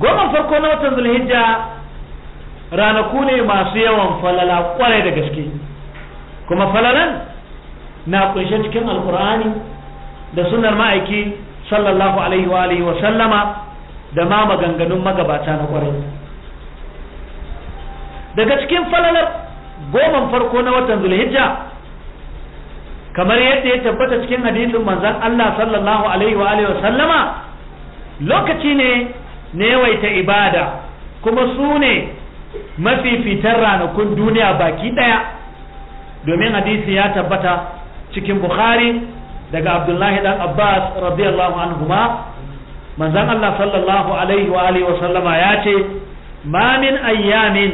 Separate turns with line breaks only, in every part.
goma farko na watan zulhijja ranaku ne masu yawan falala kwarai da gaske kuma falalan na kunshe cikin alkur'ani da sunar ma'aiki sallallahu alaihi wa alihi wa sallama da ma maganganun magabata na kwarai daga cikin falalar goman farko na watan zulhijja kamar yadda ya tabbata cikin hadisin manzon Allah sallallahu alaihi wa alihi wa sallama lokaci ne newaita ibada kuma su ne mafifitan ranakun duniya baki ɗaya domin hadisi ya tabbata cikin bukhari daga abdullahi dan abbas radiyallahu anhuma manzon allah sallallahu alaihi wa alihi wa sallama ya ce ma min ayyamin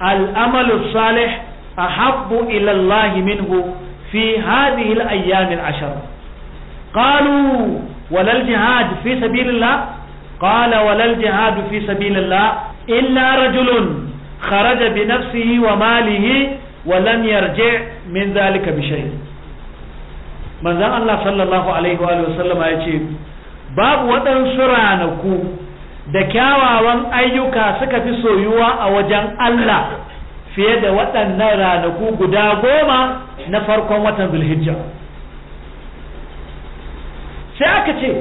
al'amalu salih ahabbu ila allah minhu fi hadhihi al-ayyam al-ashr qalu wal jihad fi sabilillah qala walal jihadu fi sabilillah illa rajulun kharaja bi nafsihi wa malihi wa lam yarji min zalika bi shay manzon Allah sallallahu alaihi wa sallama yace babu waɗansu ranaku da kyawawan ayyuka suka fi soyuwa a wajen Allah fiye da waɗannan ranaku guda goma na farkon watan zulhijja sai aka ce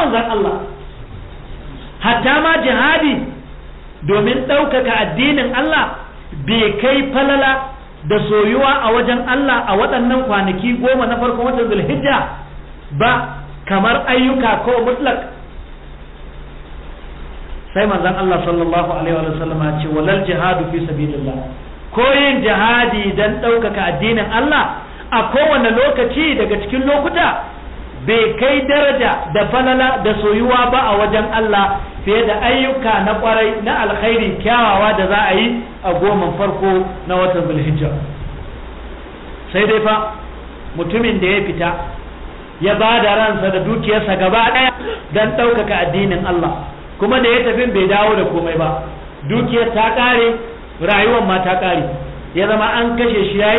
manzan Allah hatta ma jihadi domin ɗaukaka addinin Allah bai kai falala da soyuwa a wajen Allah a waɗannan kwanaki goma na farkon watan zulhijja ba kamar ayyuka ko mutlak sai manzan Allah sallallahu alaihi wa sallam ce walal jihadu fi sabilillah ko yin jihadi dan ɗaukaka addinin Allah a kowane lokaci daga cikin lokuta bai kai daraja da falala da soyuwa ba a wajen Allah fiye da ayyuka na kwarai na alkhairi kyawawa da za a yi a goman farko na watan zulhijja sai dai fa mutumin da ya fita ya ba da ransa da dukiyarsa gaba ɗaya don ɗaukaka addinin Allah kuma da ya tafi bai dawo da komai ba dukiyar ta ƙare rayuwar ma ta ƙare ya zama an kashe shi ya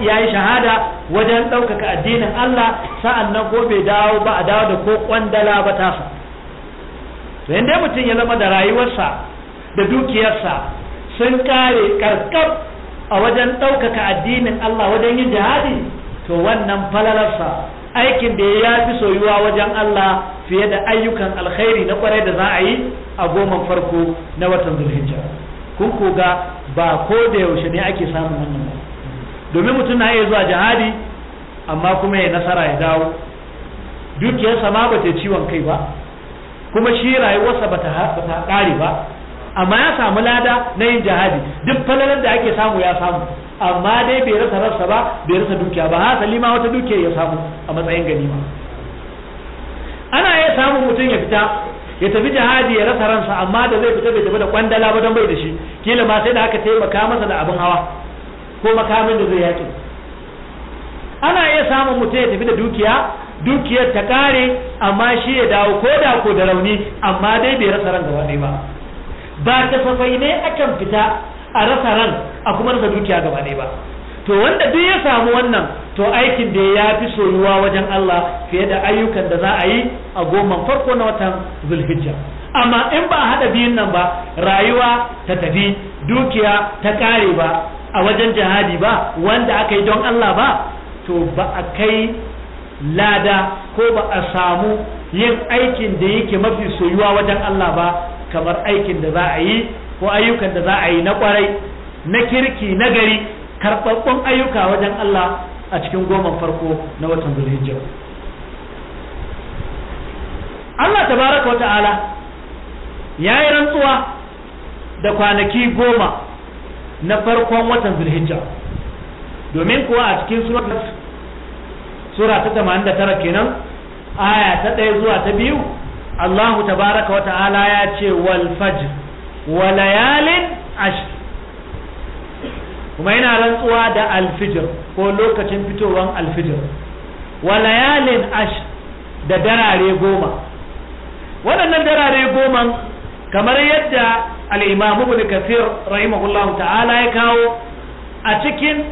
yi shahada wajen ɗaukaka addinin Allah sa'an nan ko bai dawo ba a dawo da ko kwandala ba tasa to dai mutum ya zama da rayuwarsa da dukiyarsa sun kare karkar a wajen ɗaukaka addinin Allah wajen yin jihadi to wannan falalarsa aikin da ya fi soyuwa wajen Allah fiye da ayyukan alkhairi na kwarai da za a yi a goma farko na watan zulhijja kun ku ga ba ko da yaushe ne ake samu wannan ba domin mutum na iya zuwa jihadi amma kuma ya nasara ya dawo dukiyarsa ma ba ta ciwon kai ba kuma shi rayuwarsa ba ta ƙare ba amma ya samu lada na yin jihadi duk falalar da ake samu ya samu amma dai bai rasa rasa ba bai rasa dukiya ba hasali ma wata dukiya ya samu a matsayin ganima ana iya samun mutum ya fita ya tafi jihadi ya rasa ransa amma da zai fita bai tafi da kwandala ba don bai da shi kila ma sai da aka taimaka masa da abin hawa ko makamin da zai yaki ana iya samun mutum ya tafi da dukiya dukiyar ta kare amma shi ya dawo ko da ko da rauni amma dai bai rasa ran gaba ɗaya ba ba kasafai ne akan fita a rasa ran a kuma rasa dukiya gaba ɗaya ba to wanda duk ya samu wannan to aikin da ya fi soyuwa wajen Allah fiye da ayyukan da za a yi a goman farko na watan zulhijja amma in ba a haɗa biyun nan ba rayuwa ta tafi dukiya ta ƙare ba a wajen jihadi ba wanda aka yi don Allah ba to ba a kai lada ko ba a samu yin aikin da yake mafi soyuwa wajen Allah ba kamar aikin da za a yi ko ayyukan da za a yi na kwarai na kirki na gari karɓaɓɓun ayyuka wajen Allah a cikin goma farko na watan zulhijja Allah tabaraka wa ta'ala ya yi rantsuwa da kwanaki goma na farkon watan zulhijja domin kuwa a cikin sura ta 89 kenan aya ta ɗaya zuwa ta biyu Allahu tabaraka wa ta'ala ya ce wal fajr wa layalin ashr kuma yana rantsuwa da alfijir ko lokacin fitowar alfijir wa layalin ash da darare goma waɗannan darare goma kamar yadda al'imamu ibn kafir rahimahullahu ta'ala ya kawo a cikin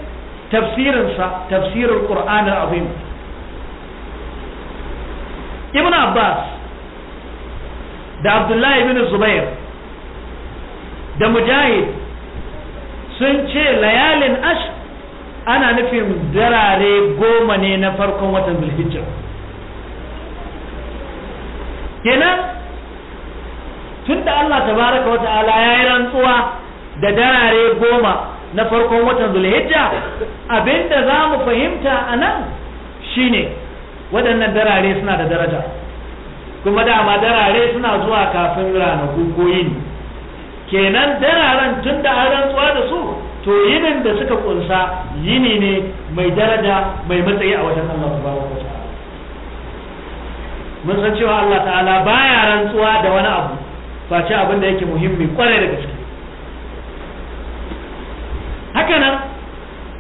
tafsirinsa tafsirin ƙur'anin abin ibn abbas da abdullahi bin zubair da mujahid sun ce layalin ash ana nufin darare goma ne na farkon watan zulhijja kenan tun da Allah tabaraka wa ta'ala ya yi rantsuwa da darare goma na farkon watan zulhijja abinda za mu fahimta a nan shine waɗannan darare suna da daraja kuma dama darare suna zuwa kafin ranaku ko yini kenan dararen tun da an rantsuwa da su to yinin da suka kunsa yini ne mai daraja mai matsayi a wajen Allah subhanahu wa mun san cewa Allah ta'ala baya rantsuwa da wani abu face abin da yake muhimmi kwarai da gaske haka nan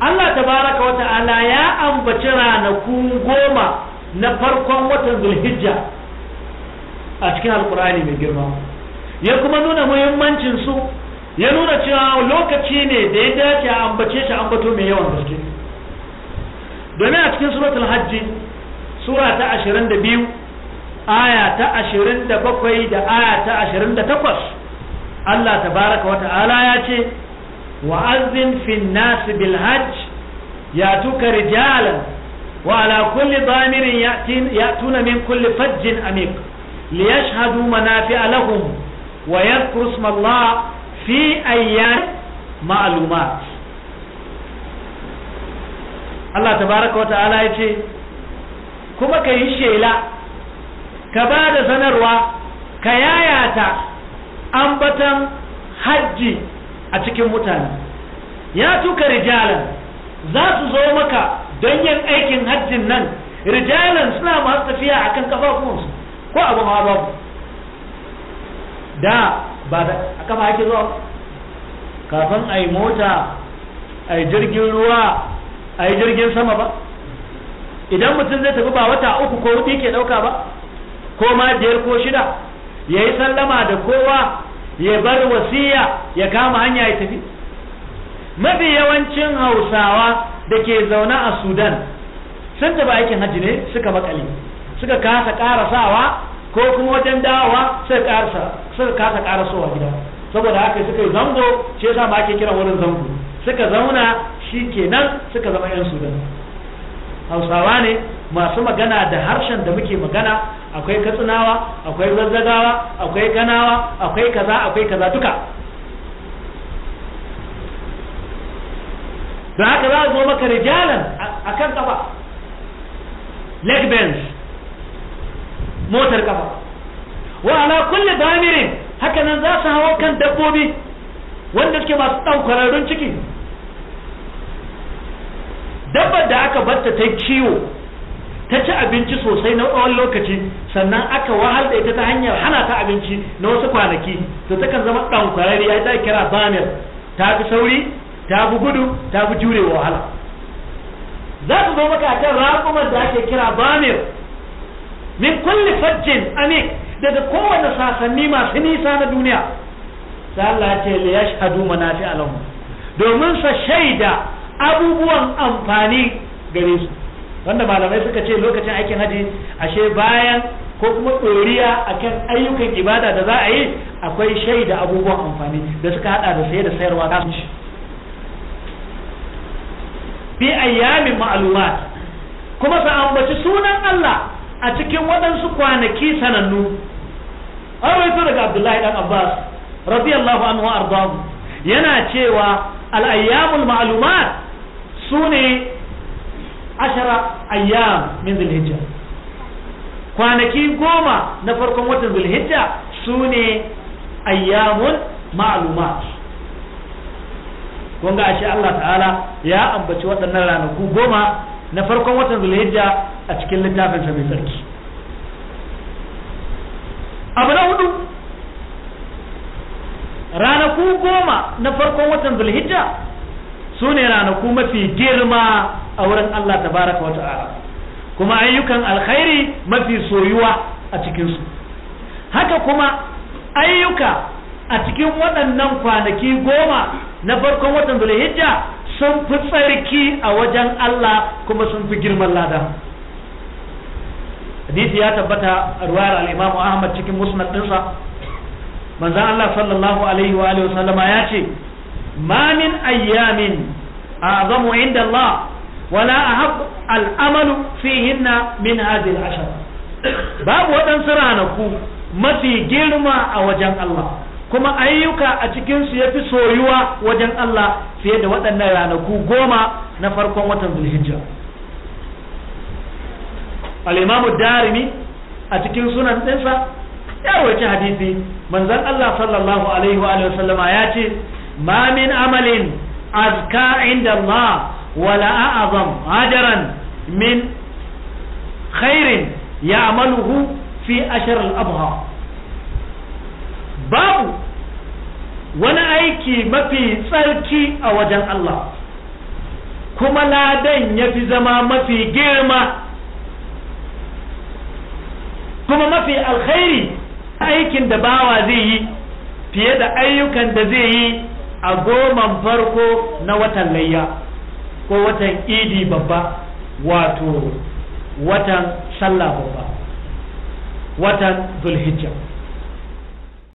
Allah tabaraka wa ta'ala ya ambaci ranakun goma na farkon watan zulhijja a cikin alkur'ani mai girma ya kuma nuna muhimmancin su ya nuna cewa lokaci ne da ya dace a ambace shi ambato mai yawan gaske domin a cikin suratul hajji sura ta 22 aya ta 27 da aya ta 28 Allah tabaraka wa ta'ala ya ce wa'azzin fin nas bil hajj ya tuka rijalan wa ala kulli damirin ya'tuna min kulli fajjin amik liyashhadu manafi'a lahum wa yadhkuru ismallah fi ayyan ma'lumat Allah tabaraka wa ta'ala ya ce kuma ka yi shela ka ba da sanarwa ka yayata ambatan hajji a cikin mutane ya tuka rijalan za su zo maka don yin aikin hajjin nan rijalan suna masu tafiya akan kafafunsu ko abin hawa babu da ba da kafa ake zuwa kafin a mota a yi jirgin ruwa a jirgin sama ba idan mutum zai tafi ba wata uku ko hudu ke dauka ba ko ma biyar ko shida ya yi sallama da kowa ya bar wasiya ya kama hanya ya tafi mafi yawancin hausawa da ke zaune a sudan sun tafi aikin hajji ne suka makale suka kasa karasawa ko kuma wajen dawowa sai karsa suka kasa karasowa gida saboda haka suka yi zango shi yasa ma ake kira wurin zango suka zauna shi kenan suka zama yan sudan hausawa ne masu magana da harshen da muke magana akwai katsinawa akwai zazzagawa akwai ganawa akwai kaza akwai kaza duka da haka za a zo maka rijalan kan kafa leg bends motar kafa wa ala kulli hakanan haka nan za su hawa kan dabbobi wanda suke masu ɗaukararrun ciki dabbar da aka barta ta kiwo ta ci abinci sosai na tsawon lokaci sannan aka wahal da ita ta hanyar hana ta abinci na wasu kwanaki to takan zama ɗaukwararri ya ta kira bamir ta fi sauri ta fi gudu ta fi jure wahala za su zo maka kan raƙumar da ake kira bamir min kulli fajjin da daga kowane sasanni masu nisa na duniya sai Allah ya ce li yashhadu manafi alahum domin sa shaida abubuwan amfani gare su wanda malamai suka ce lokacin aikin haji ashe bayan ko kuma ɗoriya akan ayyukan ibada da za a yi akwai shaida abubuwan amfani da suka hada da saye da sayarwa da fi ayyamin ma'lumat kuma sa ambaci sunan Allah a cikin waɗansu kwanaki sanannu an rawaito daga abdullahi ɗan abbas radiyallahu anhu ardahu yana cewa al-ayyamul ma'lumat sune ashara ayyam min zulhijja kwanaki goma na farkon watan su sune ayyamun ma'lumat kun ga ashe Allah ta'ala ya ambaci waɗannan ranaku goma na farkon watan zulhijja a cikin littafinsa mai tsarki abu na hudu ranaku goma na farkon watan zulhijja su ne ranaku mafi girma a wurin Allah tabaraka wa ta'ala kuma ayyukan alkhairi mafi soyuwa a cikinsu haka kuma ayyuka a cikin waɗannan kwanaki goma na farkon watan zulhijja sun fi tsarki a wajen Allah kuma sun fi girman lada hadisi ya tabbata a ruwayar al Ahmad cikin musnad ɗinsa manzon Allah sallallahu alaihi wa alihi wasallama ya ce ma min ayyamin a'zamu inda Allah wala ahab al fihinna min hadhihi ashar babu waɗansu ranaku mafi girma a wajen Allah kuma ayyuka a cikinsu ya fi soyuwa wajen Allah fiye da waɗannan ranaku goma na farkon watan zulhijja al darimi a cikin sunan ɗinsa ya rawaita hadisi manzon Allah sallallahu alaihi wa sallama ya ce ma min amalin azka inda Allah wala a'azam hajaran min khairin ya'maluhu fi ashar al babu wani aiki mafi tsarki a wajen Allah kuma ladan ya fi zama mafi girma mafi alkhairi aikin da bawa zai yi fiye da ayyukan da zai yi a goman farko na watan layya ko watan idi babba wato watan sallah babba watan zulhijja